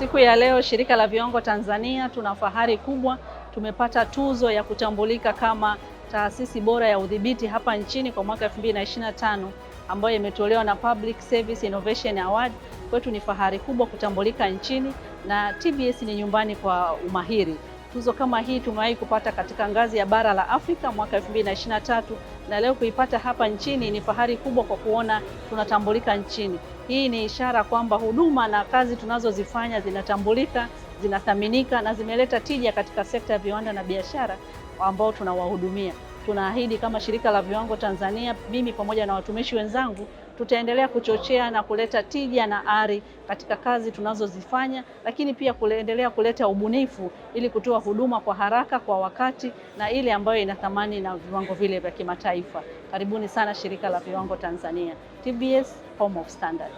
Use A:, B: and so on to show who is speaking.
A: Siku ya leo shirika la viwango Tanzania tuna fahari kubwa, tumepata tuzo ya kutambulika kama taasisi bora ya udhibiti hapa nchini kwa mwaka 2025 ambayo imetolewa na Public Service Innovation Award. Kwetu ni fahari kubwa kutambulika nchini, na TBS ni nyumbani kwa umahiri. Tuzo kama hii tumewahi kupata katika ngazi ya bara la Afrika mwaka 2023 na leo kuipata hapa nchini ni fahari kubwa kwa kuona tunatambulika nchini. Hii ni ishara kwamba huduma na kazi tunazozifanya zinatambulika, zinathaminika na zimeleta tija katika sekta ya viwanda na biashara ambao tunawahudumia tunaahidi kama shirika la viwango Tanzania, mimi pamoja na watumishi wenzangu tutaendelea kuchochea na kuleta tija na ari katika kazi tunazozifanya, lakini pia kuendelea kuleta ubunifu ili kutoa huduma kwa haraka, kwa wakati na ile ambayo ina thamani na viwango vile vya kimataifa. Karibuni sana shirika la viwango Tanzania, TBS Home of Standard.